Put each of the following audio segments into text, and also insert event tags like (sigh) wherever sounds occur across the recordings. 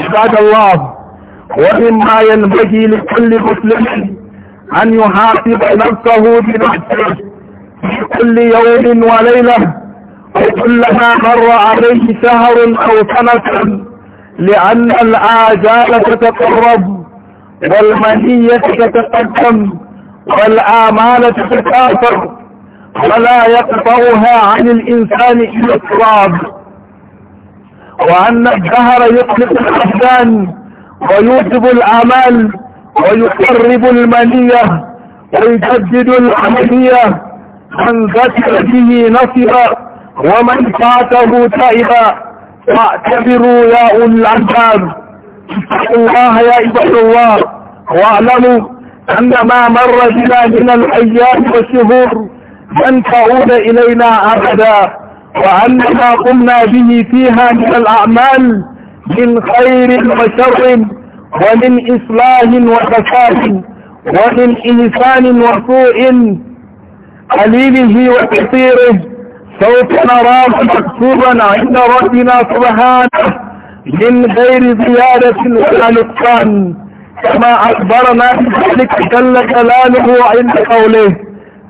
عباد الله ومما ينبغي لكل مسلم أن يحاسب نفسه بنفسه في كل يوم وليلة وكلما مر عليه شهر أو سنة لأن الآجال تتقرب والمنية تتقدم والآمال تتكاثر ولا يقطعها عن الإنسان إلا التراب وأن الدهر يطلق الاحزان ويوجب الامال ويقرب المنية ويجدد العملية من ذكر به نصبا ومن فاته تائبا فاعتبروا يا أولي الألباب اتقوا الله يا عباد الله واعلموا أن ما مر بنا من الأيام والشهور لن تعود إلينا أبدا وأن ما قمنا به فيها من الأعمال من خير وشر ومن إصلاح وفساد ومن إنسان وسوء قليله وكثيره سوف نراه مكتوبا عند ربنا سبحانه من غير زيادة ولا نقصان كما أخبرنا بذلك جل جلاله عند قوله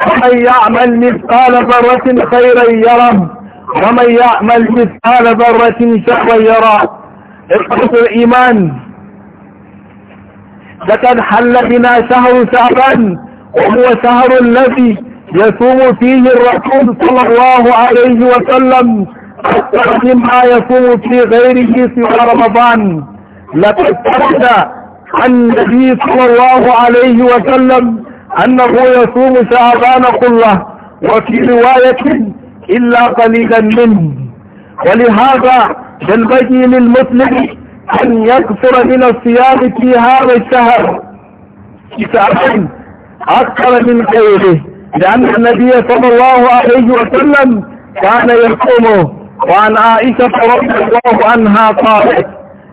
فمن يعمل مثقال ذرة خيرا يره ومن يعمل مثقال ذرة شرا يرى اقصد الإيمان لقد حل بنا شهر شعبا وهو شهر الذي يصوم فيه الرسول صلى الله عليه وسلم أكثر مما يصوم في غيره سوى رمضان لقد حل عن النبي صلى الله عليه وسلم أنه يصوم شعبان كله وفي رواية إلا قليلا منه ولهذا ينبغي للمسلم أن يكثر من الصيام في هذا الشهر شهرين أكثر من غيره لأن النبي صلى الله عليه وسلم كان يصومه وعن عائشة رضي الله عنها قالت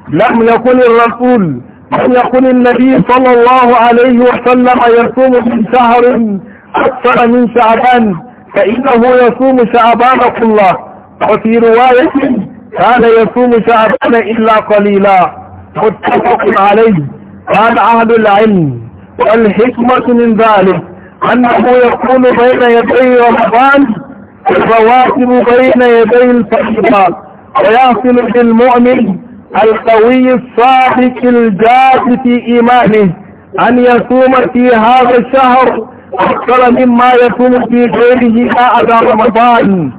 لم يكن الرسول لم يكن النبي صلى الله عليه وسلم يصوم من شهر أكثر من شعبان فإنه يصوم شعبان كله وفي رواية كان يصوم شعبان إلا قليلا متفق عليه قال أهل العلم والحكمة من ذلك أنه يكون بين يدي رمضان الرواتب بين يدي الفريضة ويصل بالمؤمن القوي الصادق الجاد في إيمانه أن يصوم في هذا الشهر أكثر مما يكون في غيره لا أدى رمضان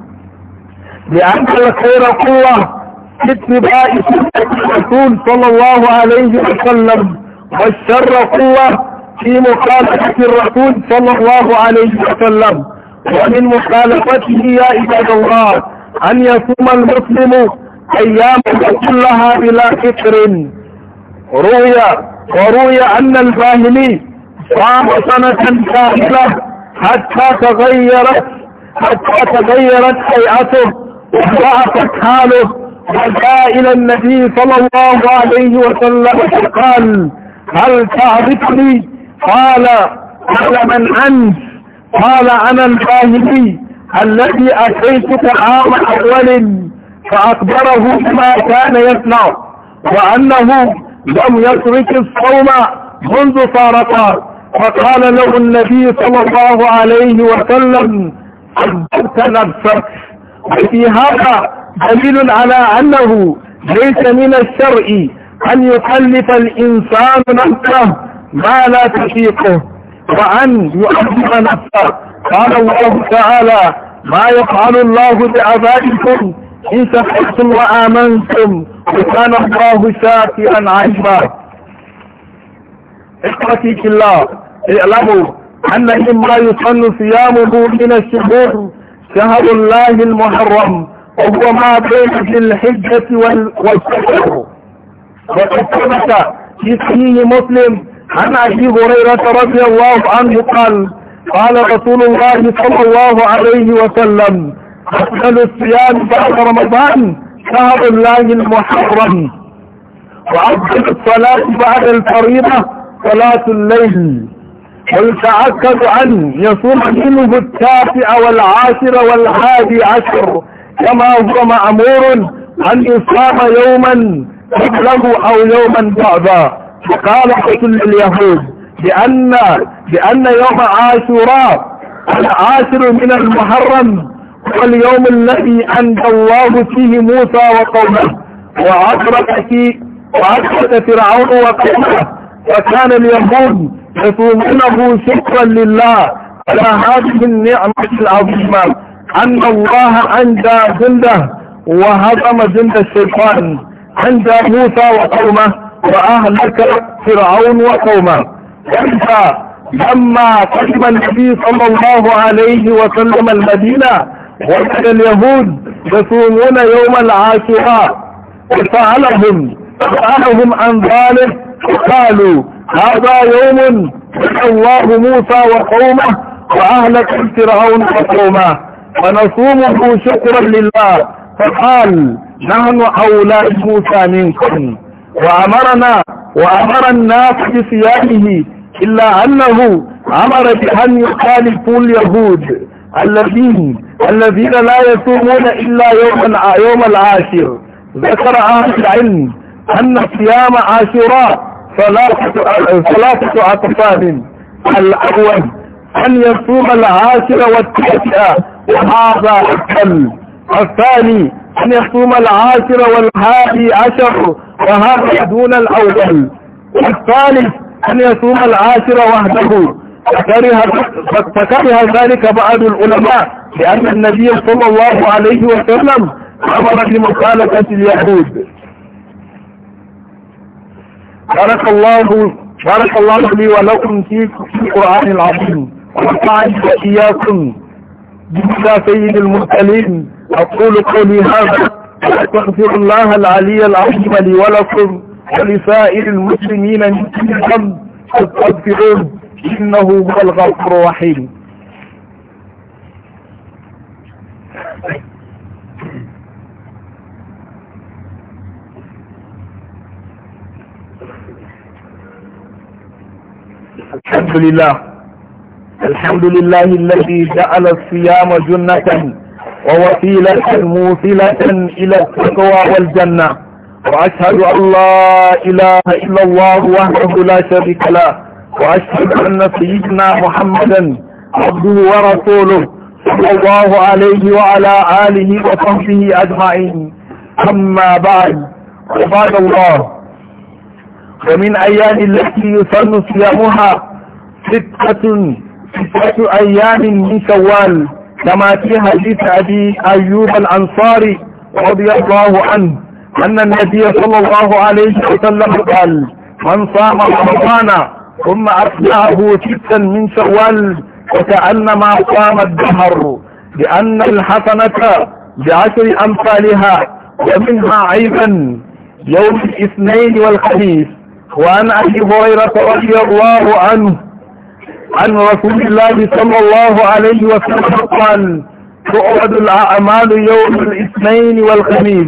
لأن الخير قوة في اتباع سنة الرسول صلى الله عليه وسلم والشر قوة في مخالفة الرسول صلى الله عليه وسلم ومن مخالفته يا عباد الله أن يصوم المسلم أيامه كلها بلا فكر روي وروي أن الباهلي صام سنة كاملة حتى تغيرت حتى تغيرت هيئته وضعفت حاله وجاء إلى النبي صلى الله عليه وسلم فقال هل تعرفني قال قال من أنت قال أنا الفاهمي الذي أتيتك عام أول فأخبره بما كان يصنع وأنه لم يترك الصوم منذ فارقات فقال له النبي صلى الله عليه وسلم صدقت نفسك وفي هذا دليل على أنه ليس من الشرع أن يكلف الإنسان نفسه ما لا تشيقه وأن يؤذب نفسه قال الله تعالى ما يفعل الله بعبائكم إن سخطتم وآمنتم وكان الله شافئا عجبا اخوتي في الله اعلموا أن إما يصن صيامه من الشهور شهر الله المحرم وهو ما بين ذي الحجة والشهر وقد ثبت في صحيح مسلم عن أبي هريرة رضي الله عنه قال قال رسول الله صلى الله عليه وسلم أفضل الصيام بعد رمضان شهر الله المحرم وأفضل الصلاة بعد الفريضة صلاة الليل ويتعكد أن يصوم دينه التاسع والعاشر والحادي عشر كما هو مأمور أن يصام يوما قبله أو يوما بعدا فقال قتل اليهود بأن, بأن يوم عاشوراء العاشر من المحرم هو اليوم الذي أنت الله فيه موسى وقومه وعشرة فيه وعشرة فرعون وقومه وكان اليهود يصومونه شكرا لله على هذه النعمة العظيمة أن الله عند جنده وهضم جند الشيطان عند موسى وقومه وأهلك فرعون وقومه وإذا لما قدم النبي صلى الله عليه وسلم المدينة وكان اليهود يصومون يوم العاشوراء وسألهم سألهم عن ذلك قالوا هذا يوم الله موسى وقومه وأهلك فرعون وقومه ونصومه شكرا لله فقال نحن أولاء موسى منكم وأمرنا وأمر الناس بصيامه إلا أنه أمر بأن يخالفوا اليهود الذين الذين لا يصومون إلا يوم يوم العاشر ذكر أهل العلم أن صيام عاشوراء ثلاثة أطفال الأول أن يصوم العاشر والتاسع وهذا الكل الثاني أن يصوم العاشر والهادي عشر وهذا دون الأول الثالث أن يصوم العاشر وحده فكره ذلك بعض العلماء لأن النبي صلى الله عليه وسلم أمر بمخالفة اليهود بارك الله بارك الله لي ولكم في القرآن العظيم ونفعني وإياكم بهدى سيد المرسلين أقول قولي هذا أستغفر الله العلي العظيم لي ولكم ولسائر المسلمين من كل ذنب فاستغفروه إنه هو الغفور الرحيم الحمد لله الحمد لله الذي جعل الصيام جنة ووسيلة موصلة إلى التقوى والجنة وأشهد أن لا إله إلا الله وحده لا شريك له وأشهد أن سيدنا محمدا عبده ورسوله صلى الله عليه وعلى آله وصحبه أجمعين أما بعد عباد الله ومن أيام التي يصن صيامها ستة ستة أيام من شوال كما في حديث أبي أيوب الأنصاري رضي الله عنه أن النبي صلى الله عليه وسلم قال من صام رمضان ثم أتبعه ستا من شوال وكأنما صام الدهر لأن الحسنة بعشر أمثالها ومنها عيبا يوم الاثنين والخميس وعن أبي هريرة رضي الله عنه عن رسول الله صلى الله عليه وسلم قال تعرض الأعمال يوم الاثنين والخميس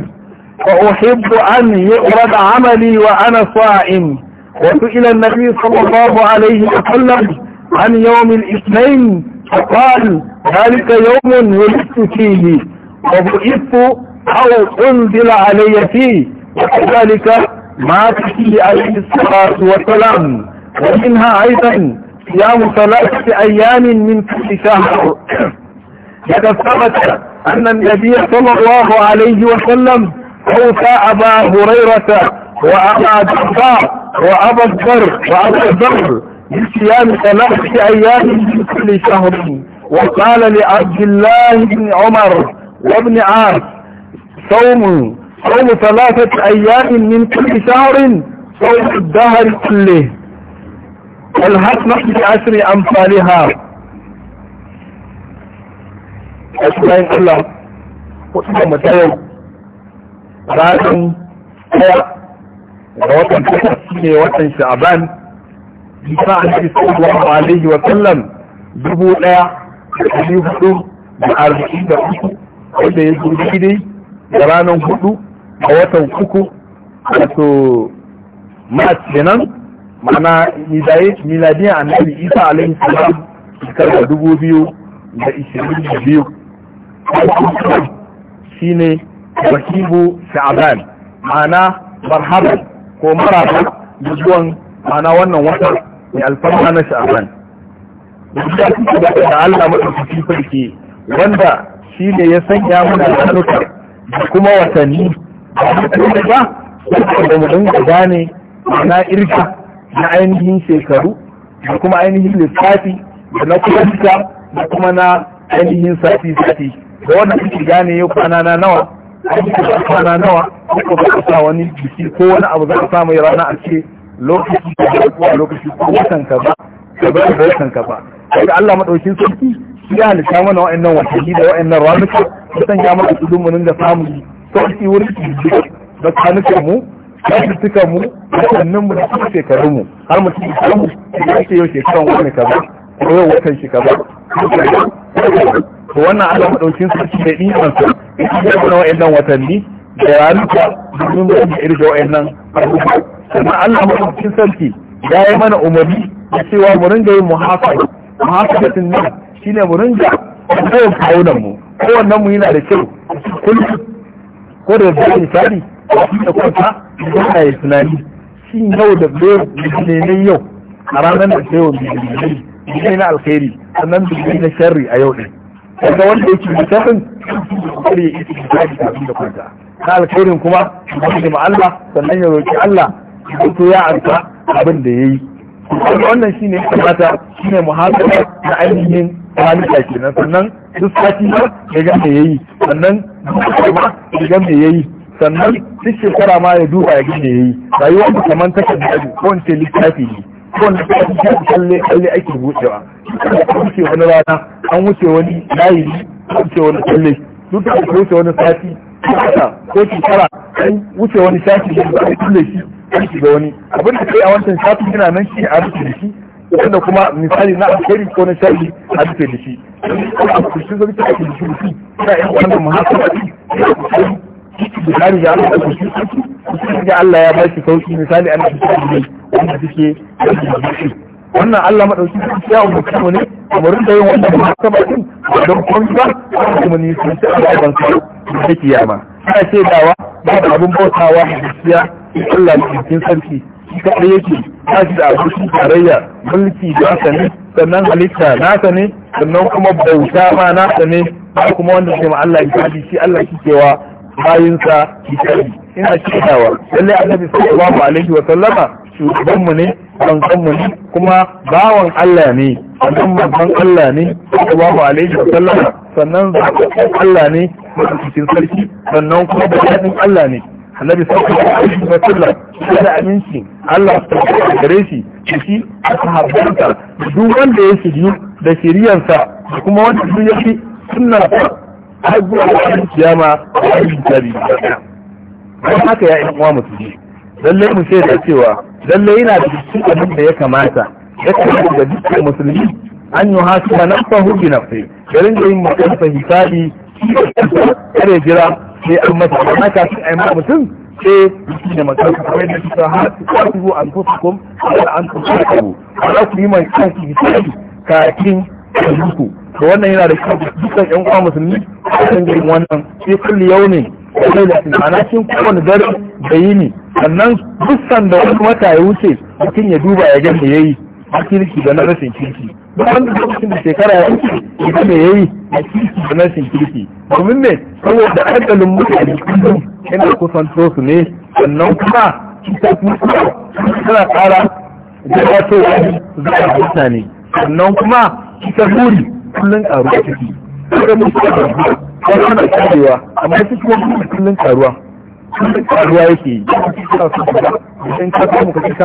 وأحب أن يعرض عملي وأنا صائم وسئل النبي صلى الله عليه وسلم عن يوم الاثنين فقال ذلك يوم ولدت فيه وبعثت أو أنزل علي فيه وكذلك ما فيه عليه الصلاة والسلام ومنها أيضا صيام ثلاثة أيام من كل شهر (clears throat) لقد ثبت أن النبي صلى الله عليه وسلم أوصى أبا هريرة وأبا الدرداء وأبا الدر وأبا الدر بصيام ثلاثة أيام من كل شهر وقال لعبد الله بن عمر وابن عاص صوم صوم ثلاثة أيام من كل شهر صوم الدهر كله والهتمة بعشر أمثالها أشبهين الله وإذا متين لكن هو وطن تحسيني وطن شعبان جفاء النبي صلى الله عليه وسلم dubu ɗaya da ɗari hudu da arba'in da uku wanda ya zurgi dai da ranar hudu a watan uku wato mars kenan mana miladiyan annabi isa alayhi salam shekarar dubu biyu da ishirin da biyu shi ne rahibu sha'aban ma'ana marhaba ko maraba da zuwan ma'ana wannan wata mai alfarma na sha'aban da kuma da Allah maɗaukaki farke wanda shi ne ya sanya mana da kuma watanni ba ba saboda mu dinga gane na irka na ainihin shekaru da kuma ainihin lissafi da na kwanta da kuma na ainihin sati sati da wannan kake gane yau kwana na nawa kwana nawa ko ba sa wani biki ko wani abu za ka samu rana a ce lokaci da kuma lokaci ko watan ka ba ka ba da watan ka ba daga Allah madaukin sarki ya halitta mana wa'annan watanni da wa'annan ranuka ya sanya mana kudin da samu samun sauki wurin kirji da kwanukan mu suka mu watannin mu da kuma shekarun mu har mutum ya samu ya ce yau shekaran wani kaza ko yau watan shi kaza to wannan Allah madaukin su da iman sa ya ga wannan wayannan watanni da ya rubuta domin ba da irga wayannan abubuwa sannan Allah madaukin sarki ya yi mana umarni da cewa mu ringa yin muhasaba muhasabatin nan shine mu ringa kawo kawunan mu kowannen mu yana da kyau kullum ko da yadda misali a cikin kwanta yana ya tunani shin yau da ne ne yau a ranar da ta yau ne na alkhairi sannan da na sharri a yau ɗin daga wanda yake musamman kare ya isi misali kafin da kwanta na alkhairin kuma ya ma Allah sannan ya roƙi Allah ya ya arka abin da ya yi wannan shi ne kamata shi ne muhasara na ainihin halitta nan sannan duk sati ya ga me yayi sannan duk ma ya ga me yayi sannan duk shekara ma ya duba ya ga me yayi rayuwar mu kamar takarda ne ko ce littafi ne ko ne kalle kalle ake bucewa an wuce wani rana an wuce wani layi an wuce wani kalle duk da wuce wani sati ko shekara an wuce wani sati da ba a kalle shi an shiga wani abin da kai a wancan shafin yana nan shi a rufe da shi wanda kuma misali na alheri ko na shafi a rufe da shi kuma a kusur zai da shi rufi ina yin wannan da Allah shi Allah ya sauki misali an shi ne wanda suke wannan Allah a ya umarci mu ne kamar da yin wannan muhasaba din don kuma ba kuma ne sun ta Allah ban sa da kiyama ana ce dawa ba da abin bautawa a gaskiya Allah ne cikin sarki shi kaɗai yake ta shi da shi tarayya mulki da aka ne sannan halitta nasa ne sannan kuma bauta ma nasa ne ba kuma wanda ke ma Allah ya shi Allah ke kewa bayinsa shi ina cikawa lallai annabi sallallahu alaihi wa sallama shugabanmu ne manzanmu ne kuma bawan Allah ne sannan manzon Allah ne sallallahu alaihi wasallam sannan zakatun Allah ne cikin sarki sannan kuma da dadin Allah ne annabi sallallahu alaihi wasallam da aminci Allah ta gare shi shi a sahabbansa duk wanda ya shiryu da shiryansa kuma wanda duk ya fi sunna har zuwa ranar kiyama a cikin tabi don haka ya yi uwa musulmi lallai mu shaida cewa lallai yana da cikin abin da ya kamata ya kamata da dukkan musulmi an yi hasiba nafsahu bi nafsi ya rinka yin makansa hisabi kare jira sai an masa amma kafin a yi ma mutum sai shi ne makansa kamar yadda suka hasibu an fusukum ala an tusukum ala ku yi mai kansu hisabi kakin yanku to wannan yana da kyau dukkan yan uwa musulmi a kan yin wannan sai kulli yaumin da lailatin ana cin kowane dare da yi ne sannan dukkan da wani wata ya wuce mutum ya duba ya gan da yi. a kirki da na rashin kirki wanda lokacin da shekara ya wuce ita me yayi a kirki da na rashin kirki domin me saboda adalin mutane kullum yana su ne sannan kuma ita kuma tana ƙara da a zuwa mutane sannan kuma ita buri kullum karuwa ciki. Kuma da kuma kullum ƙaruwa. karuwa yake kana son kaza idan ka kafin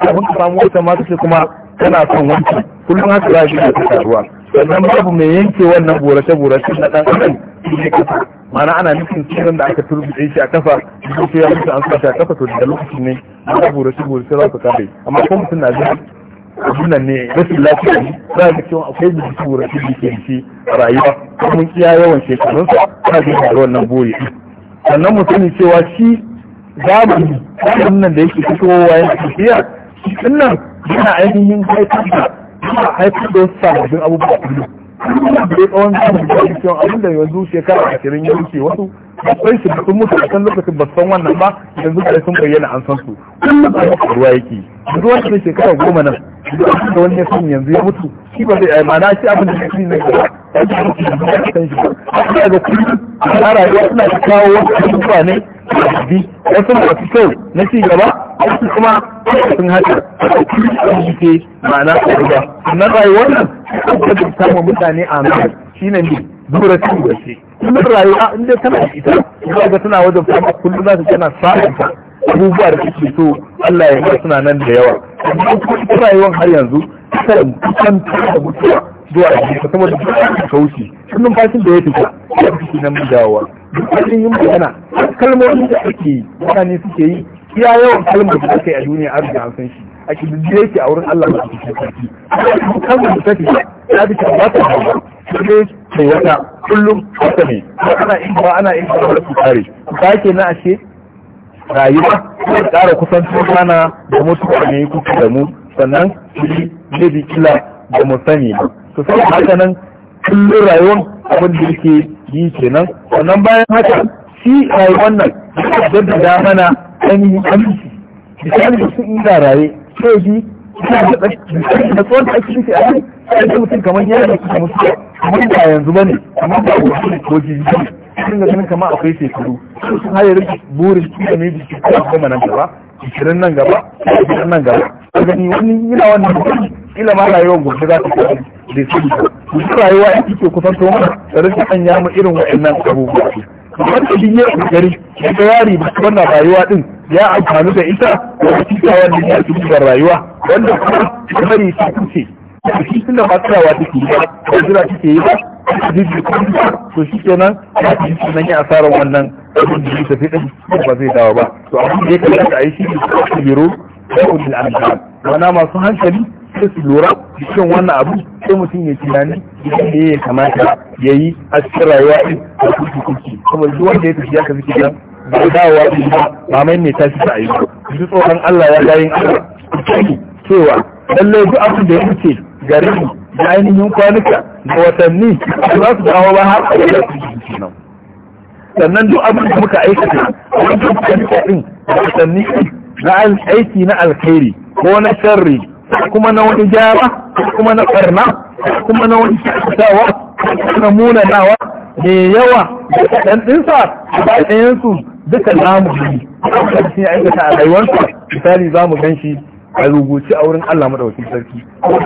ka samu wata kuma kana son wanki kullum haka za ta karuwa sannan babu mai yanke wannan borace borace na dan adam ne mana ana nufin sirrin da aka da shi a kafa duk ya mutu an sa a kafa to da lokacin ne ana borace borace za su kare amma ko mutum na jin abunan ne rashin lafiya ne za ka cewa akwai da su rashin da ke shi rayuwa kuma kiya yawan shekarunsa ana yi wannan bori sannan mu sani cewa shi zamani wannan da yake fitowa ya tafiya shi nan yana ainihin haifar da yana haifar da wasu sababbin abubuwa kullum da tsawon zamani da ake cewa abin da yanzu shekara ashirin ya wuce wasu akwai su sun mutu a kan lokacin ba san wannan ba yanzu da sun bayyana an san su kullum a ruwa yake duk wanda ne shekara goma nan duk abin da wani ya san yanzu ya mutu shi ba zai ma'ana shi abin da ya san zai gaba ya ji mutu da ya san shi ba haka ga kullum a rayuwa suna kawo wasu abubuwa ne bi wasu masu kyau na ci gaba wasu kuma sun haɗa a kullum abin da ke ma'ana a gaba sannan rayuwar nan ta da samun mutane a nan shi ne ne dura cin gaske kullum rayuwa inda tana ita za ga tana wajen fama kullum za ta tana sa'in abubuwa da kake so Allah ya yi suna nan da yawa amma yawan har yanzu kada kusan da mutuwa zuwa da ka saboda duk ka kauce sun numfashin da ya fita ya fi shi nan dawowa duk wajen yin magana kalmomin da ake yi mutane suke yi iya yawan kalmar da aka yi a duniya an riga an shi a kididdiye yake a wurin Allah ba su cikin sarki kalmar da take ya fi kan wata hawa sai mai wata kullum wata ne ana in ba ana in ba wata kare ba ke na ashe rayuwa zai ƙara kusantar mana da mutuwa ne kuka da mu sannan shi zai bi kila da mu sani ba to sai haka nan kullum rayuwar abin da yake yi kenan sannan bayan haka shi rayuwar nan jaddada mana ainihin aminci misali da su inda raye sai bi da tsohon da ake nufi a nan sai mutum kamar yana da kusa musu kamar ba yanzu ba ne kamar ba ko jibi sun da ganin kama akwai shekaru sun haya rage burin su da mai biki a goma nan gaba shekarun nan gaba shekarun nan gaba a gani wani yana wannan ila ma rayuwar gobe za ta kai da su da su rayuwa ya ke kusan to mana da rashin an ya mu irin waɗannan abubuwa kamar da duk yau gari ya ga yari ba wannan rayuwa din ya amfani da ita da cikin wani ya cikin rayuwa wanda kuma kamar su kuce shi suna ba tsarawa take yi ba ba jira take yi ba aka jiji kuma to shi kenan ya ji shi nan ya asarar wannan abin da ya tafi din ba zai dawo ba to abin da ya kamata a yi shi ne su biro da ulil amsal mana masu hankali sai su lura cikin wannan abu sai mutum ya tunani idan da ya kamata ya yi a cikin rayuwa din da kuki kuki kuma duk wanda ya tafi ya kafi kenan ba dawowa din ba ba mai mai tashi ta ba. duk tsohon Allah ya ga yin Allah cewa lallai duk abin da ya wuce gari da ainihin kwanuka da watanni za su dawo ba har a da su nan sannan duk abin da muka aikata a wajen kwanuka da watanni na aiki na alkhairi ko na sharri kuma na wani jama kuma na ƙarna kuma na wani kyautatawa kuma na munanawa mai yawa da kaɗan ɗinsa a bayan su duka namu ne a aikata a rayuwarsa misali za mu gan shi a rubuce a wurin Allah madaukakin sarki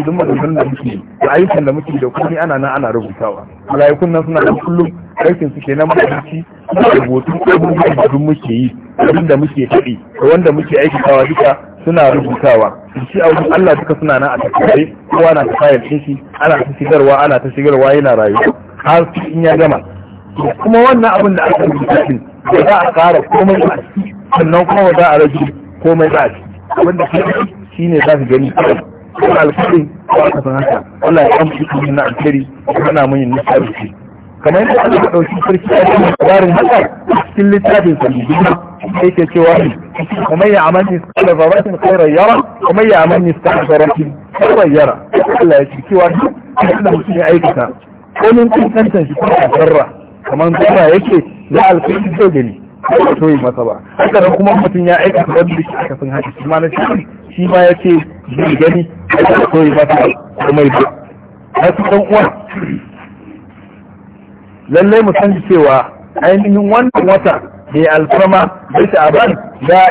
kuma idan madaukakin da muke da ayyukan da muke da komai ana nan ana rubutawa malaikun nan suna da kullum aikin su kenan mutunci rubutu abubuwan da muke yi abin da muke faɗi da wanda muke kawa duka suna rubutawa shi a wurin Allah duka suna nan a tafiye kowa na ta fayar shi ana ta shigarwa ana ta shigarwa yana rayuwa har in ya gama kuma wannan abin da aka rubuta din ba za a ƙara komai ba sannan kuma ba za a rage komai ba a Wanda da kai shine za ka gani kuma alkhairi ba ka san haka Allah ya amsa shi na alkhairi kana mun yin nasarci kamar yadda Allah ya dauki sarki a cikin labarin haka cikin littafin sa sai ke cewa kamar ya amal miskala zarratin khairan yara kamar ya amal miskala zarratin khairan yara Allah ya ce cewa Allah mutum ya aikata ko mun kun kantan shi kuma zarra kamar zarra yake za alkhairi zai gani ba masa ba haka nan kuma mutum ya aika da wanda shi aka san haka shi ma na shi shi ma ya ce zai gani aika so yi masa komai ba su ɗan uwan lallai mu san cewa ainihin wannan wata da ya alfarma bai ta aban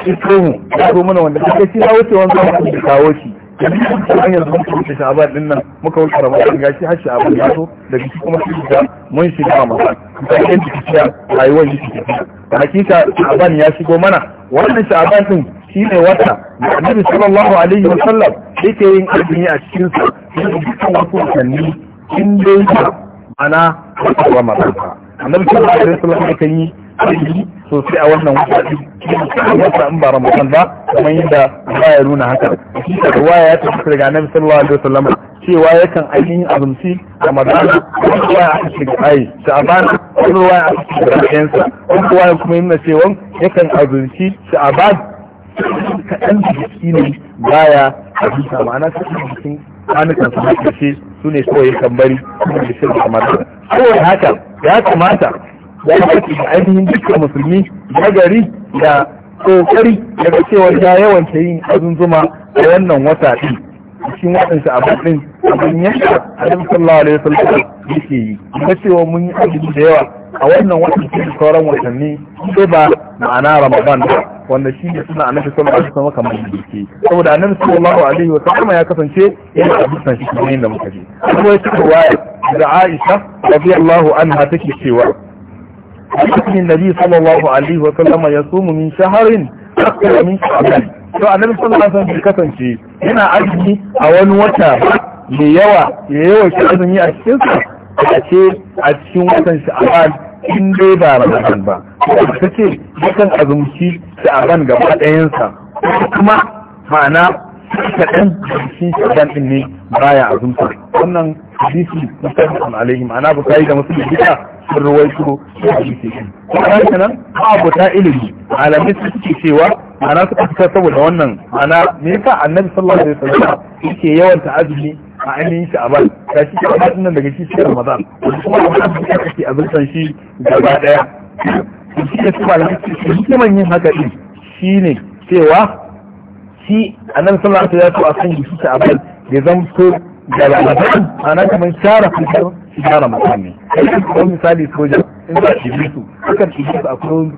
isko mu ya zo mana wanda kake shi na wuce wani zama da kawo shi yanzu da an yanzu muka wuce sha'aban din nan muka wuce ramadan gashi har sha'aban ya zo daga shi kuma shi da mun shiga ramadan ta yanzu kiciya rayuwar yi kiciya da hakika sha'aban ya shigo mana wannan sha'aban din shine wata da annabi sallallahu alaihi wa sallam yake yin azumi a cikin sa da dukkan wasu watanni in dai ana ramadan annabi sallallahu alaihi wa sallam yake yi arziki sosai a wannan wata wata in ba ramadan ba kamar yadda ya nuna haka shi da ruwaya ya tafi daga annabi sallallahu alaihi wasallam cewa yakan ainihin azumci ramadan wani ruwaya aka ce ayi sha'aban wani ruwaya aka ce ga wani ruwaya kuma yana cewa yakan azumci sha'aban kaɗan da jiki ne baya azumta ma'ana jikin kwanukan su ne kawai yakan bari kuma da shirin ramadan kowane haka ya kamata ya farki da ainihin dukkan musulmi na gari da kokari daga cewa ya yawanta yin azunzuma a wannan wata ɗin cikin waɗansu abin abin yadda annabi sallallahu alaihi wasallam ke yi na cewa mun yi abin da yawa a wannan watan cikin sauran watanni sai ba ma'ana ramadan ba wanda shi ne suna a annabi sallallahu alaihi sama kamar yadda ke. saboda annabi sallallahu alaihi wasallam ya kasance yana abusan shi kamar yadda muka je. kuma ya ci riwaya da Aisha radiyallahu anha take cewa hadisin annabi sallallahu alaihi wa sallama yasumu min shahrin akthar min sha'ban to a nan sallallahu alaihi wasallam kasance yana azumi a wani wata mai yawa ya yawa shi azumi a cikin sa a ce a cikin watan sha'ban in dai ba ramadan ba ta ce yakan azumci sha'ban gaba ɗayan sa kuma ma'ana kaɗan shi kaɗan ɗin ne baya azumta wannan hadisi musamman alaihim ana bukari da musulmi duka sun ruwaito da hadisi ta ilimi malamai su suke cewa ana su saboda wannan ana me yasa annabi sallallahu alaihi wasallam yake yawan ta'azumi a ainihin a daga shi ramadan kuma kake shi gaba daya shi su malamai su yin haka din cewa shi annabi sallallahu alaihi wasallam ya so a san shi a ramadan ana kamar share fitar gyara makami kai misali soja in za ki bi su akan ki su a kuma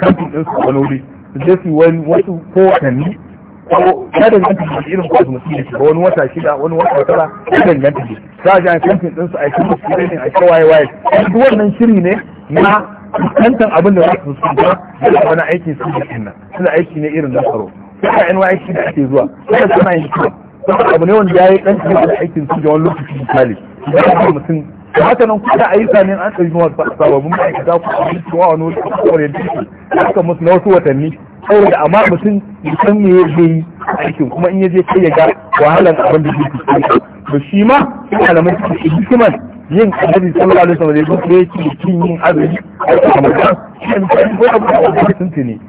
kamfin din su wani wuri su je su wani wasu ko watanni ko ya danganta da irin ko su mutum da wani wata shida wani wata tara ya danganta da za a ji an kamfin din su a kuma su ne a shawaye waye waye duk wannan shiri ne na kankan abin da za su fuskanta da wani aiki su da kenan suna aiki ne irin na tsaro sai a yan aiki da ake zuwa kuma suna yin kiwon abu ne wanda ya yi ɗan cikin da aikin su da wani lokaci misali idan ka mutum da haka nan kuma a yi sanin an ɗari mawa sababin ma'aikata ku a yi cewa wani wani, wasu orientation haka musu na wasu watanni saboda amma mutum ya san me ya yi aikin kuma in ya je kai ya ga wahalar abin da ke cikin to shi ma malamai su ke hikiman yin annabi sallallahu alaihi wasallam da ya da yake cin yin azumi a cikin mutum shi ne ko abu da ke tuntuni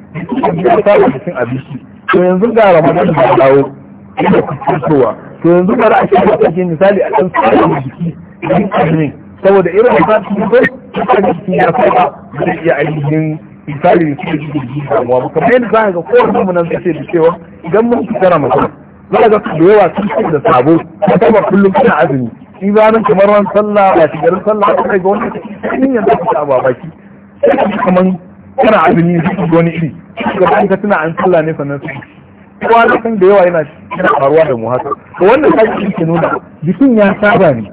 ya fara cikin abinci to yanzu ga ramadan da dawo yana kusurtowa to yanzu bari a shiga kashe misali a kan tsarin jiki yin azumin saboda irin da ta cikin bai tsarin jiki ya kai ba zai iya ainihin misali da suke jikin jiki damuwa ba kamar yadda za ka ga kowane mu nan zai da cewa idan mun fita ramadan za ka ga da yawa sun ce da sabo ta ba kullum kana azumi shi ba nan kamar ran sallah ba shi garin sallah ba kai ga wani cikin yanzu ka ta babaki kamar kana azumi zai ga wani iri ba ka tuna an sallah ne sannan su. kowa na da yawa yana faruwa da mu haka to wannan sai ke nuna bikin ya saba ne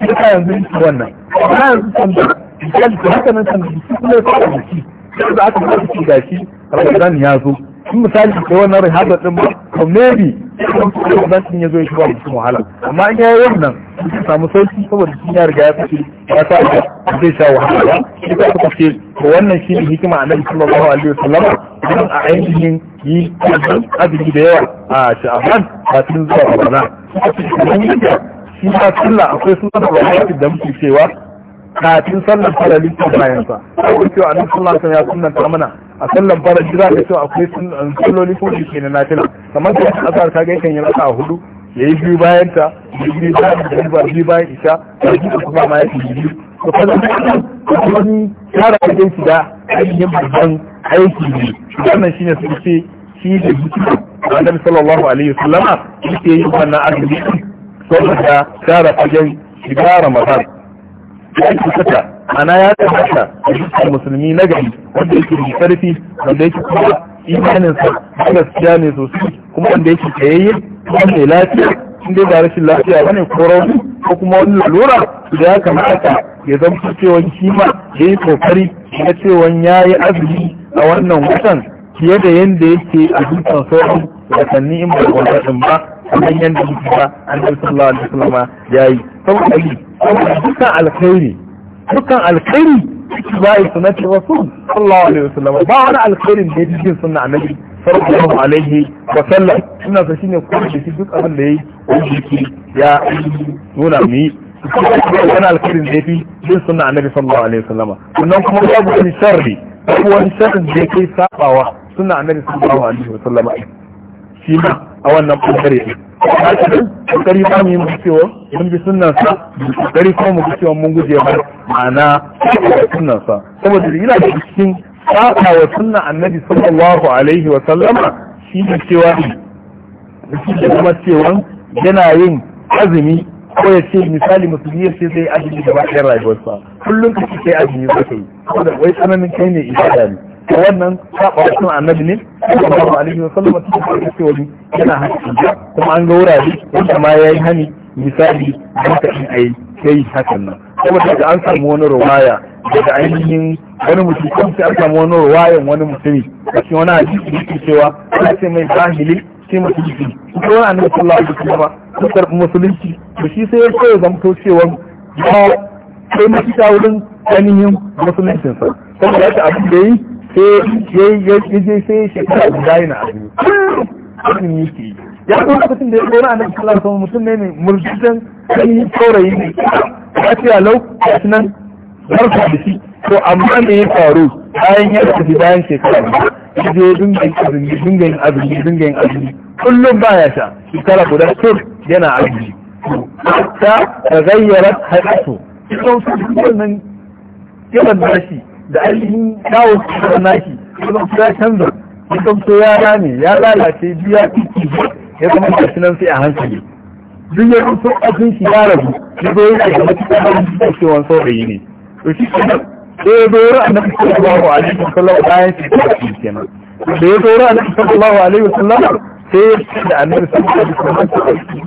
sai ka yanzu wannan ka yanzu san da ka haka nan san da jikin kuma ya saba da shi sai da aka fara shi gashi Ramadan ya zo in misali da wannan rihada din ba to maybe dan din yazo ya shiga cikin wahala amma in yayi wannan sai samu sauki saboda shi ya riga ya fice ya sa zai sha wahala shi ka suka ce ko wannan shi ne hikima annabi sallallahu alaihi wasallam dan a ainihin yi azumi da yawa a sha'aban ba tun zuwa ramadana shi ta sallah akwai sunan wani da muke cewa kafin sallar farali ko bayan sa ko cewa annabi sallallahu alaihi wasallam ya sunnanta mana a sallan farashi za ka cewa akwai salloli ko shi ke na nafila kamar ka yi asar ka gaikan yi raka a hudu ya yi biyu bayan ta ya biyu bayan ta ba biyu bayan isha ya yi da kuma ma ya fi biyu to kaza ne wani tara wajen shi da ainihin babban aiki ne wannan shine sun ce shi da mutum annabi sallallahu alaihi wasallama yake yi wannan azumi saboda tara wajen shiga ramadan ya kusa ana ya tabbata a musulmi na gari wanda yake da karfi wanda yake kuma imaninsa gaskiya ne sosai kuma wanda yake tsayayye kuma mai lafiya in dai ba rashin lafiya bane ko rauni ko kuma wani lalura da ya kamata ya zama cewa kima ya yi kokari na cewa ya yi azumi a wannan watan fiye da yadda yake a dukkan sauran watanni in ba wanda din ba kamar yadda yake ba an yi sallallahu alaihi wasallam ya yi saboda dukkan alkhairi dukkan alkhairi اتباع سنة الرسول صلى الله عليه وسلم بعد الخير da ya cikin sunna annabi sallallahu alaihi wa sallam ina shine ko da shi duk abin da yayi wanda ya nuna mi wani alkhairin da yafi bin sunna annabi sallallahu alaihi wa sannan kuma babu wani sharri babu wani sharri da kai sabawa sunna annabi sallallahu alaihi wa shi a wannan bangare ne hakanan kokari ba mu yi mu cewa mun bi sunansa, sa kokari kuma mu cewa mun guje ba ma'ana sunnan sa saboda yana da cikin saba wa sunnan annabi sallallahu alaihi wa sallama shi ne cewa shi da kuma cewa yana yin azumi ko ya ce misali musulmi ya ce zai azumi da bayan rayuwarsa kullum ka ce azumi zai yi saboda wai tsananin kai ne ibada ne to wannan saba wasu annabi ne sallallahu alaihi wa sallam ta ce ce wani yana haka kuma an ga wurare wanda ma yi hani misali haka in ayi yi hakan nan saboda da an samu wani ruwaya daga ainihin wani mutum ko sai an samu wani ruwayan wani mutumi a cikin wani hadisi yake cewa ana ce mai zahili sai musulunci ko wani annabi sallallahu alaihi wa sallam karbi musulunci to shi sai ya ce zamto cewa ya kai mafita wurin ainihin musuluncinsa ya ce abin da yi sai ya je sai shekara guda yana azumi azumi yake yi ya zo lokacin da ya zo na annabi sallallahu alaihi mutum ne mai murjidan kai saurayi ne ya ce lau ya ci nan barka da shi to amma me ya faru bayan ya tafi bayan shekara guda ya je dinga yin azumi dinga yin azumi dinga yin azumi kullum baya sha shekara guda sur yana azumi ta tagayyarat ya sun sun nan yawan nashi da ainihin kawo yawon kusurar naki ya canza ya kamto ya rame ya lalace biya kiki ya kuma kashi nan sai a hankali duk ya rufe ƙasin shi ya rabu ya zo yana da matuƙar harin cikin saurayi ne to shi kenan da ya zo kusa ra annabi sallallahu alaihi wasallam bayan shi ta shi kenan da ya zo kusa ra annabi sallallahu alaihi wasallam sai ya ce da annabi sallallahu alaihi wasallam ta aiki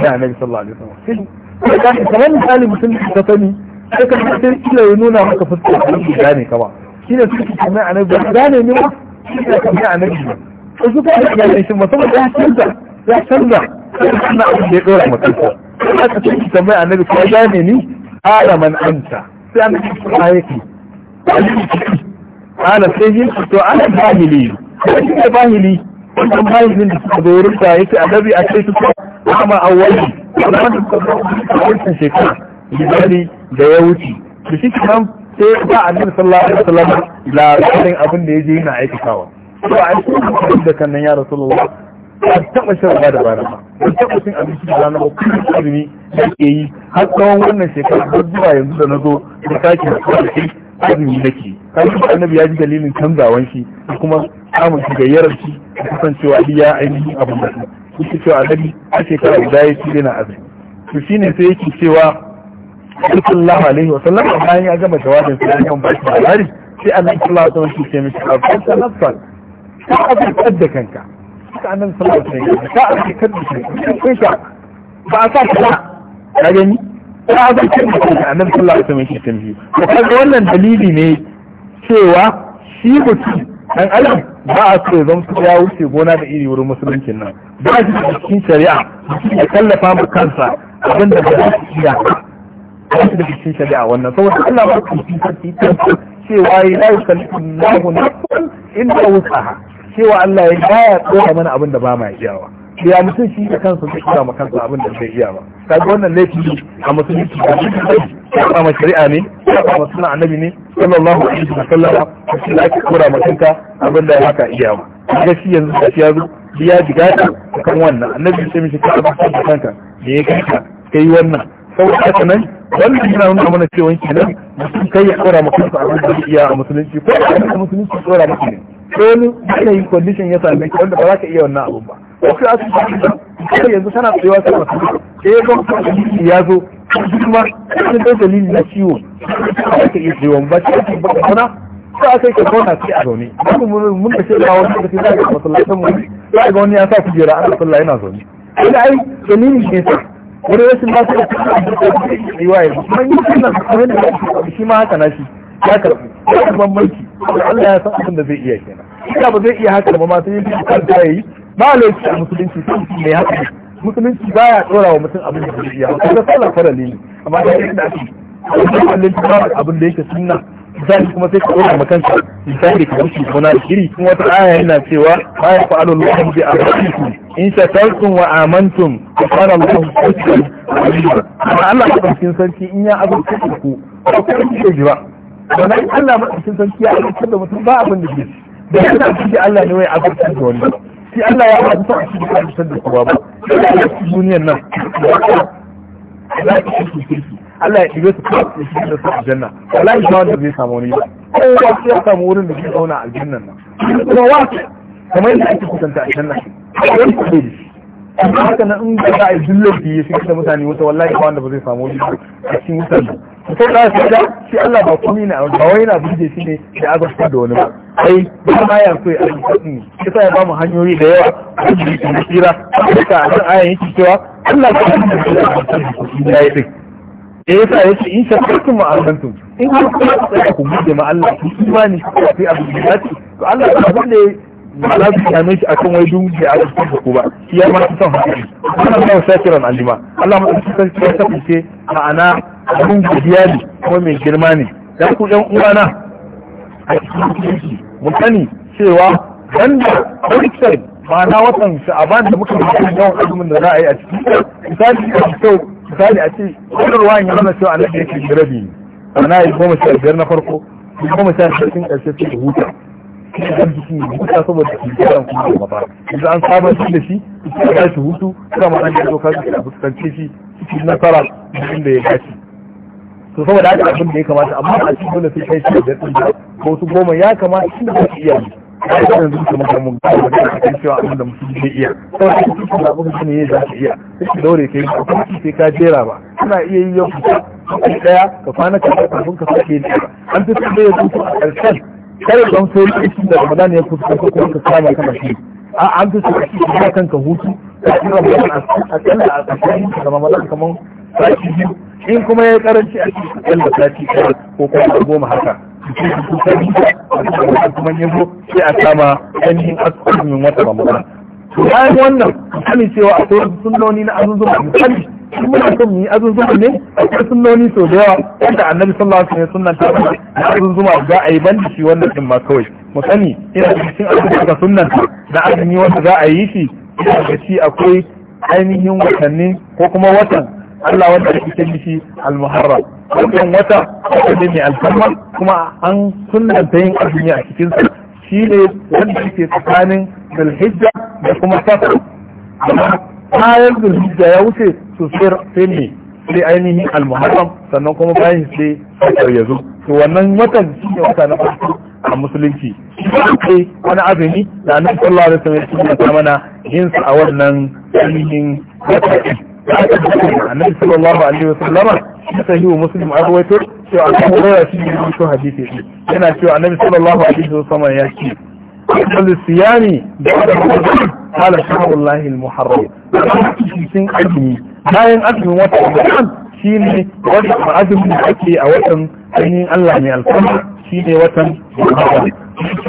da annabi sallallahu alaihi wasallam sai kamar misali mutum da ta sani sai ka kila ya nuna maka fuskar da yake gane ne ba shi ne suke kamar ne shi ne kamar nan to su ka shi musamman ya canza ya canza abin da ya ɗora maka ko aka ce ki kamar ni ala man sai ya ala sai yin to ala bahili shi ne bahili wannan bahilin da suka wurin a ce su ko wani shekara gidani da ya wuce da shi kan sai ba a annabi sallallahu alaihi wasallam labarin abin da yaje yana kawa. to a cikin da kan nan ya rasulullah a taba shan ba da bara ba ban shi abin abinci da nan ba kuma azumi da ke yi har tsawon wannan shekara har zuwa yanzu da na zo da sake da shi azumi nake kashi annabi ya ji dalilin canzawan shi kuma samun shi gayyarar shi da kasancewa ainihin abin da su cewa annabi a shekara guda ya ci yana azumi to shine sai yake cewa sallallahu alaihi wa sallam bayan ya gama jawabin sai ya ba shi labari sai annabi sallallahu alaihi wa sallam ya mishi alfarka nafsan ka azurkar da kanka ka nan sun alaihi wa sallam ka azurkar da kanka kai ka ba a sa ta ka ta gani ka azurkar da kanka annabi sallallahu alaihi wa sallam ya tambaye to kaga wannan dalili ne cewa shi mutum dan adam ba a so zan su ya wuce gona da iri wurin musuluncin nan ba shi da cikin shari'a ya tallafa mu kansa abinda ba su iya wani da cikin shari'a wannan saboda Allah ba ku cikin sarki cewa ya la yukallifu Allahu nafsan illa wusaha cewa Allah ya ya tsora mana abin da ba ma iyawa ya mutum shi da kansa zai kira ma kansa abin da zai iya ba kaga wannan laifin laifi a musulunci da shi da ma shari'a ne da ma sunan annabi ne sallallahu alaihi wa sallam shi da ake kura ma kanka abin da ya haka iya ba kaga shi yanzu da shi ya zo ya jigata kan wannan annabi sai mishi ka ba kanka da ya kanka kai wannan saboda haka nan wannan yana nuna mana cewa kenan mutum kai ya tsora maka su abin da iya a musulunci ko a musulunci tsora maka ne ko wani yanayin condition ya same ka wanda ba za ka iya wannan abun ba wasu a sun faɗi ba kai yanzu tana tsayawa sai masu eh ga mutum ya zo kuma sun dai dalili na ciwo ba ka iya ciwon ba ta ba ka zauna Ko a kai ka zauna sai a zaune babu mun da shi ba wani lokaci za ka masallacin mu za ga wani ya sa kujera ana sallah yana zaune ina ai dalili ne sai wani wasu ma suka fi da yi wa yanzu kuma yi suna kamar da ya karbi shi ma haka na shi ya karbi ya karban mulki da Allah ya san abin da zai iya kenan ina ba zai iya haka da ma sai yin kan da yayi ba laifi a musulunci sai mutum mai haka musulunci baya dora wa mutum abin da zai iya ba kuma sallah fara ne amma da yi da shi abin da yake sunna misali kuma sai ka ɗora ma kanka misali ka wuce gona iri kuma wata aya yana cewa ma ya fa'alu Allahu bi amrikum in shakartum wa amantum fa kana Allahu shakran amma Allah ya barkin sarki in ya azurta ku ba ku kike ji ba wannan Allah san ki ya azurta da mutum ba abin da ke da yana cikin Allah ne wai azurta da wani shi Allah ya azurta a cikin azurta da kuma ba duniyar nan da ya azurta da kirki Allah ya ɗibe su kawai shi da su aljanna wala shi wanda zai samu wani ba kowa sai ya samu wurin da zai zauna aljannan nan kuma wa kamar yadda ake kusanta aljanna wani kuɗi da shi amma haka nan in da za a yi zullar da ya shiga da mutane wata wallahi ba wanda ba zai samu wani a cikin wutar da sai da su da shi Allah ba kuma na ba wai na buje shi ne da aka da wani ba ai ba ma ya so ya alƙa ne shi sa ya ba mu hanyoyi da yawa a cikin tsira haka a kan ayan yake cewa Allah ya yi da shi ya yi da ya sa ya ce in shakartum ma amantum in har ku tsaya ku gode ma Allah ku imani ku fi abin da yake to Allah ba abin da ba za su same shi akan wai dun da aka tsaya ku ba shi ya ma san hakuri Allah ba sai kiran alima Allah ma sai sai ta fice ma'ana abin godiya ne ko mai girma ne dan ku ɗan uwana mun sani cewa wanda wancan ma'ana watan sha'aban da muka yi yawan azumin da za a yi a ciki misali a kyau misali a ce wani ruwan ya zama cewa annabi yake da rabi ne ana yi goma sha biyar na farko yi goma sha biyar sun ƙarshe su da huta sai kan jiki ne huta saboda su kuma da an saba shi da shi su shi hutu kuma ma an yanzu ka su fuskance shi cikin nasara da ya gashi to saboda haka abin da ya kamata amma a cikin dole sai kai shi da ko su goma ya kamata shi da su iya yi a yi yanzu kuma da mu ga da cikin cewa abin da mutum zai iya kuma da cikin da abin da za ka iya sai daure kai ka kuma sai ka jera ba kana iya yi yau kai daya ka kwana ka kafin ka sake yi an fi sai ya zuci a ƙarshen kare don sai lokacin da Ramadan ya kusa ko kuma ka kama kana shi a an fi sai ka kanka hutu ka kira Ramadan a kalla a ƙarshen da Ramadan kamar sati biyu in kuma ya karanci a cikin da sati ɗaya ko kuma goma haka sai su kuka kuma yanzu sai a sama ainihin asibitin wata ramadan to bayan wannan misali cewa akwai wasu sunnoni na azuzuma misali in muna son mu yi azuzuma ne akwai sunnoni sau da yawa wanda annabi sallallahu alaihi wasallam sunnan ta mana na azuzuma za a yi banda shi wannan din ma kawai mu sani ina da cikin azuzuma sunnan na azumi wanda za a yi shi ina da shi akwai ainihin watanni ko kuma watan Allah wanda ake ce mishi al-muharram wannan wata wata ne mai alfarma kuma an sunnanta yin azumi a cikin sa shine wanda yake tsakanin zulhijja da kuma safar amma bayan zulhijja ya wuce to sai ne sai ainihin al-muharram sannan kuma bayan sai safar ya zo to wannan watan shine wata na farko a musulunci sai wani azumi da annabi sallallahu alaihi wasallam ya mana yin sa a wannan ainihin wata annabi sallallahu alaihi wasallama shi sahihu muslim a rawaito cewa abu hurairah shi ne rubuto hadisi shi yana cewa annabi sallallahu alaihi wasallama ya ce قبل da قال شهر الله المحرم cikin azumi bayan azumin wata Ramadan shine wata azumin da ake a watan ainihin Allah ne alfarma shine watan Ramadan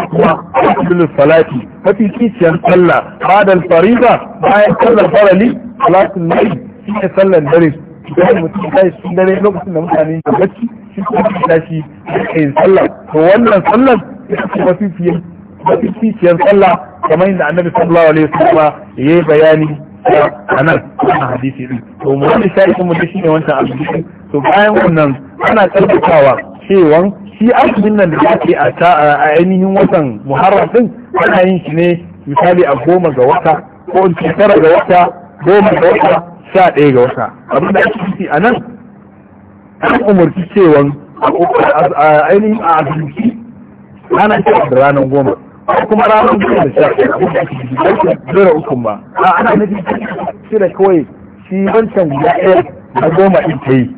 kuma qabl salati mafi kiciyar sallah ba'da da fariida bayan sallar farali salatul layl shi sallar dare idan mutum ya tashi cikin dare lokacin da mutane da bacci shi ne ya tashi ya sallah to wannan sallar ita ce mafificiyar mafificiyar sallah kamar yadda annabi sallallahu alaihi wasallam ya yi bayani a nan a hadisi din to mu wani shayi mu shi ne wancan abin to bayan wannan ana karkatawa cewa shi asibin nan da yake a ainihin watan muharram din ana yin shi ne misali a goma ga wata ko in tara ga wata goma ga wata sha ɗaya ga wata abin da ake ciki a nan an umarci cewa ainihin a asibiti ranar sha da ranar goma kuma ranar goma da sha ɗaya a da ake da ukun ba a ana nufi shi da kawai shi wancan guda ɗaya na goma in ta yi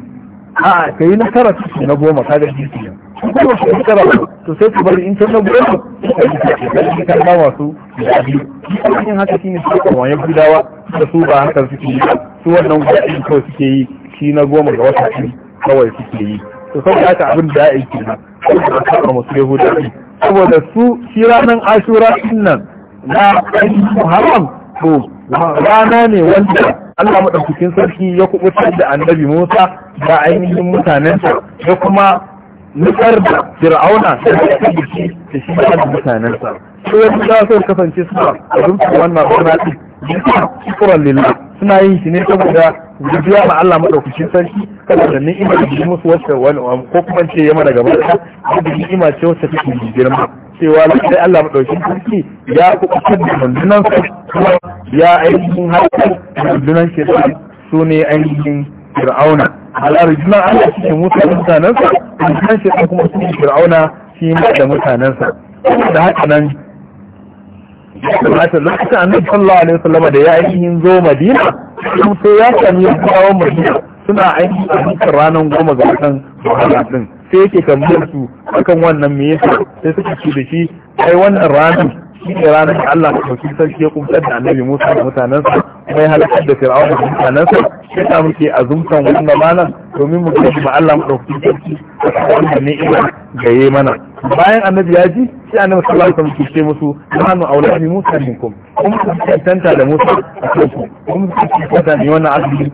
a ka yi nasara na goma ka ga jiki kuma ba su kara to sai su bari in na ta nabu yanzu da shi karɓa masu da abi cikin haka shi ne su kama ya gudawa da su ba hakan suke yi su wannan gudaɗin kawai suke yi shi na goma ga wata shi kawai suke yi to saboda haka abin da ya aiki yi kenan saboda kama masu yahudawa saboda su shi ranar ashura din nan na haram to rana ne wanda Allah maɗaukakin sarki ya kubutar da annabi Musa da ainihin mutanensa ya kuma nufar da fir'auna da ya da shi da shi da sa. su yanzu za su kasance suna abin su wannan suna shukuran lillah suna yin shi ne saboda biya ma Allah maɗaukacin sarki kada da ni'ima da jirgin musu wacce wani ko kuma ce yamma daga baya da ni'ima ce wacce take girma cewa lallai Allah maɗaukacin sarki ya kuɓutar da rundunan kuma ya ainihin da rundunan shi su ne ainihin fir'auna al'arjuna Allah shi ne musa da mutanensa kan shi kuma shi fir'auna shi ma da mutanensa da haka nan lokacin annabi sallallahu alaihi wasallam da ya ainihin zo madina sun sai ya san ya kawo madina suna aiki a ranar goma ga watan wahala din sai yake tambayar su akan wannan me yasa sai suka ci da shi ai wannan ranar shi ne ranar da Allah ta sauki sarki ya kumtar da annabi Musa da mutanensa kuma ya halakar da fir'aun da mutanensa shi ta muke azumtan wannan malam domin mu gani ma Allah mu dauki sarki ne ni'ima ga yayi mana bayan annabi ya ji sai annabi sallallahu alaihi wasallam ce musu nanu auladi Musa kum kuma ku tantanta da Musa a ku kuma ku tantanta ne wannan azumi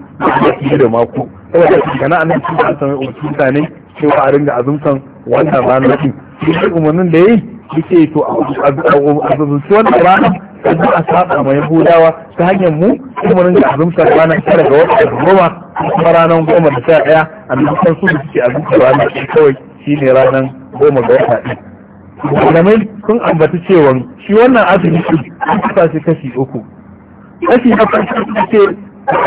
da da mako saboda kana annabi sallallahu alaihi wasallam ya umarci mutane cewa a ringa azumtan wannan ranar shi umarnin da yayi yake to a zuzunci wani ranar sannan a saba mai yahudawa ta hanyar mu umarin rinka azumtar rana tara ga wata goma kuma ranar goma da sha ɗaya a lokacin su da suke azumtar ranar ɗaya kawai shine ranar goma ga wata ɗin malamai sun ambata cewa shi wannan azumi shi an shi kashi uku kashi na farko suka ce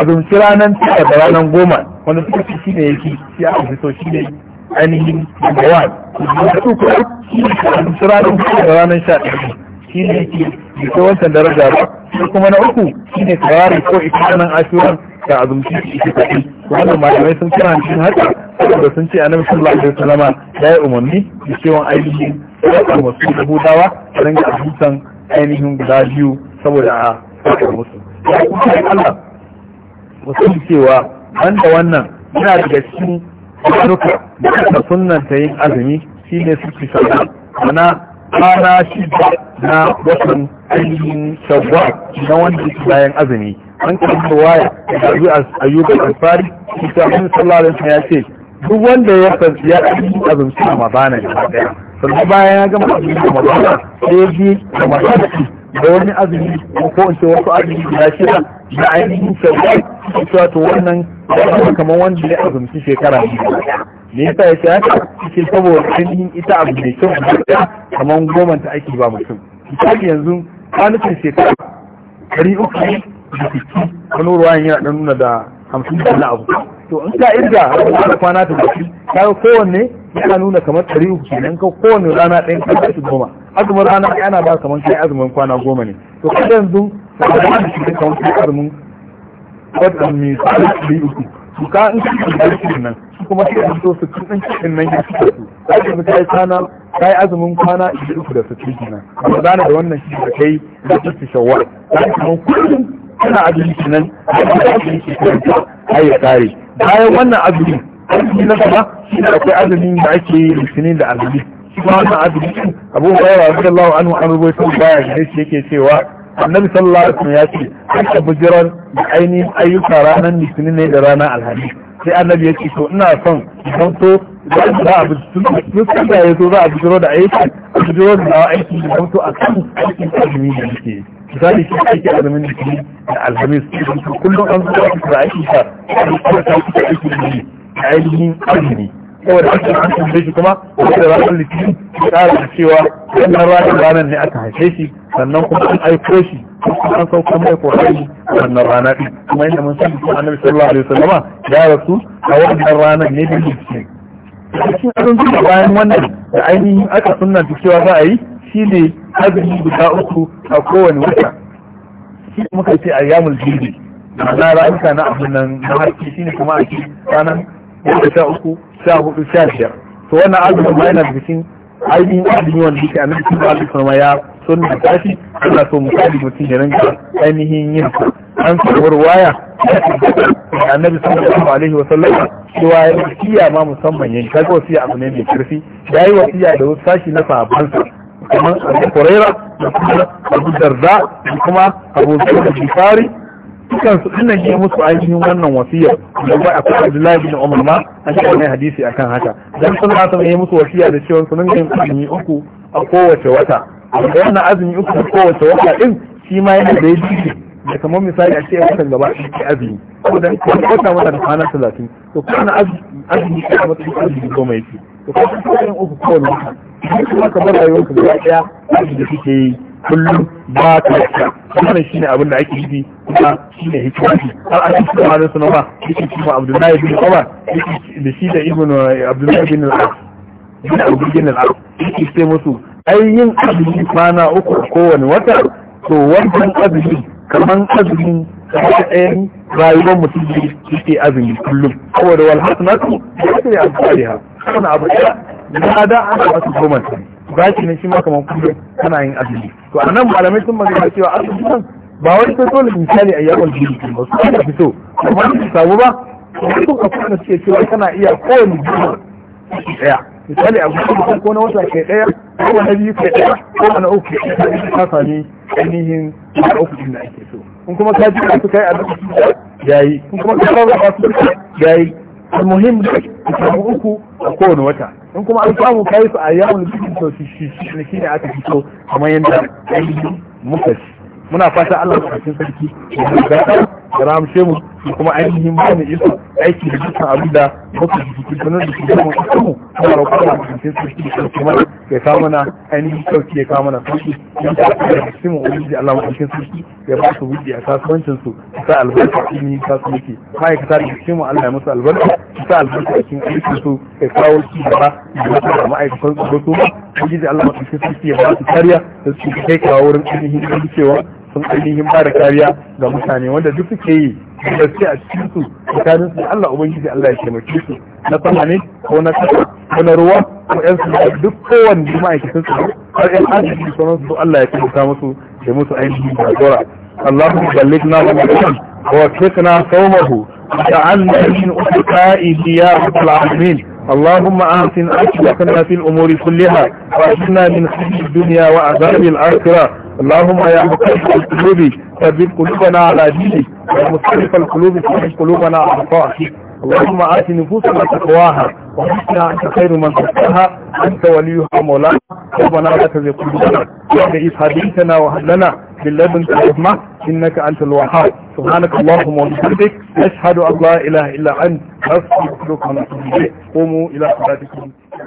azumci ranar tara da ranar goma wanda suka ce shine yake shi a azumci ne ainihin gawan su kuma su ranar kuma da ranar sha ɗaya shi ne yake bisa wancan daraja ba sai kuma na uku shi ne tsawari ko ikanan ashirin da azumci ita kaɗai wannan malamai sun kira shi haka saboda sun ce annabi sallallahu alaihi wasallam ya yi umarni da cewa ainihin ya masu hudawa, a ringa azumtan ainihin guda biyu saboda a faɗa musu ya kuma Allah musamman cewa banda wannan yana daga cikin duka da sunnan ta yin azumi shi ne su fi sauya mana kwana na watan ainihin shawwa na wanda bayan azumi an kalli waya da abu ayyukan alfari shi ta ya ce duk wanda ya fanci ya ɗauki azumci a mabana da ɗaya sannan bayan ya gama azumi da mabana sai bi da mabana da wani azumi ko in ce wasu azumi da shida na ainihin shawwa suke cewa to wannan kamar wanda ya azumci shekara me yasa ya ce haka cikin saboda ainihin ita abu mai kyau kamar goma ta aiki ba mutum misali yanzu kwanufin shekara ɗari uku da fiti wani ruwan yana ɗan nuna da hamsin da wani abu to in ka irga wani kwana ta ta ka kowanne yana nuna kamar ɗari uku kenan ka kowanne rana ɗayan ka su goma azumin rana ana ba kamar kai azumin kwana goma ne to kada yanzu kamar kai azumin wadda mai tsari da yi uku su ka in ka da shi nan su kuma sai an so su kan ɗan cikin nan ya fita su za ka ga kai kana azumin kwana 23 da su cikin nan Ramadana da wannan shi da kai da su shawar? za ka kuma kullum kana azumi nan da ka azumi shi kanta har kare bayan wannan azumin azumi na shi da akwai azumin da ake yi litinin da azumi shi ma wannan azumi abu hurairah radiyallahu anhu an rubuta baya da yake cewa annabi sallallahu alaihi wasallam ya ce haka bujiran da ainihin ayyuka ranar litinin ne da ranar alhamis sai annabi ya ce to ina son don za a bujiro da ya zo za a bujiro da aiki a bujiro da nawa aiki da don a kan aikin azumi da misali shi aiki azumin litinin da alhamis kullum an zo da aiki da aiki da aiki da aiki da azumi saboda aka an tambaye shi kuma da ranar litinin tsara da cewa wannan ranar ranar ne aka haife shi sannan kuma an aiko shi an sauko mai kwarai wannan rana ɗin kuma mun sani kuma annabi sallallahu alaihi wasallama ya rasu a wannan ranar ne da cikin zuwa bayan wannan da ainihin aka sunna da cewa za a yi shi ne azumi guda uku a kowane wata shi muka ce a yamul jirgi na ra'ayuka na abin nan na shi ne kuma a ranar sha uku sha hudu sha biyar to wannan azumin ma yana bikin ainihin azumi wanda yake annabi sallallahu alaihi wasallam ya sunna tashi ana so misali mutum ya ranka ainihin yin an samu waya da annabi sallallahu alaihi wasallam cewa ya wasiya ma musamman yin kaga wasiya abu ne mai karfi yayi wasiya da wasu sashi na sahabbansa kamar Abu Hurairah da kuma Abu Darda da kuma Abu Zaid al-Bukhari dukan su dinnan ne musu ainihin wannan wasiya da ba a akwai Abdullahi na Umar ma an ce mai hadisi akan haka dan sun ba su yi musu wasiya da cewa su dinga yin azumi uku a kowace wata da wannan azumi uku a kowace wata din shi ma yana da yake da kamar misali a ce a watan gaba a ke azumi ko dan ko wata wata da kwana 30 to kana azumi ko matsayin azumi goma yake to kuma yin uku kowace wata kuma ka bar rayuwarka gaba daya da kike yi kullum ba ta yaka wannan shine abin da ake yi kuma shine hikimati har an ci kuma da sunan ba yake ci abdullahi bin umar yake da shi da ibnu eh, abdullahi bin al-as bin abdullahi bin al-as yake sai musu ai yin azumi kwana uku kowane wata to wannan azumi kaman azumin kamar ɗayan rayuwar mutum da yake azumi kullum saboda ce hasanatu yake amfani ha kana abu da da ana wasu goma bashi ne shi ma kamar kullum kana yin azumi to a nan malamai sun magana cewa azumi nan ba wani sai dole misali a yawon jini ba su ana fito amma su samu ba sun akwai na suke cewa kana iya kowane jini daya misali a gudu ko na wata ke daya ko na biyu ke daya ko na uku ka sami ainihin da uku din da ake so in kuma ka ji ka kai a lokacin da yayi in kuma ka rarraba su yayi almuhim da samu uku a kowane wata in kuma an samu kayi su a yawon bikin to shi shi ne aka fito kamar yadda muka ci muna fata Allah cikin sarki ya ga da ramshe mu su kuma ainihin ba mu isa aiki da dukkan abin da muka jiki sanar da su zama mu kusa mu kuma roƙo da mu cikin su shi da su mana ya kawo mana ainihin sauki ya kawo mana sauki in ta aka da su mu ubiji Allah mu cikin su ya ba su wuce a kasuwancin su sa albarka a cikin kasuwanci ma'aikata da cikin mu Allah ya musu albarka sa albarka a cikin aikin su ya kawo ci gaba da ma'aikatan su su ma ubiji Allah mu cikin su ya ba su kariya da su kai kawo wurin ainihin cewa sun ainihin ba da kariya ga mutane wanda duk suke yi da gaske a cikin su tsakanin su Allah ubangiji Allah ya taimake su na sama ne ko na kasa ko na ruwa ko yan su duk kowanne ma'aikatan su har yan asibiti sauran su Allah ya taimaka musu da musu ainihin jagora Allahumma ballighna ramadan wa waffiqna وجعلنا من أتقائه يا رب العالمين اللهم أعطنا أشبكنا في الأمور كلها وأجلنا من خير الدنيا وعذاب الآخرة اللهم يا مكشف القلوب ثبت قلوبنا على دينك ومصرف القلوب ثبت قلوبنا على طاعتك اللهم آت نفوسنا تقواها وحسنا أنت خير من تقواها أنت وليها مولانا ربنا لا تزغ قلوبنا بعد إذ هديتنا وهب لنا من لدنك رحمة إنك أنت الوهاب سبحانك اللهم وبحمدك أشهد أن لا إله إلا أنت أستغفرك ونتوب إليك قوموا إلى صلاتكم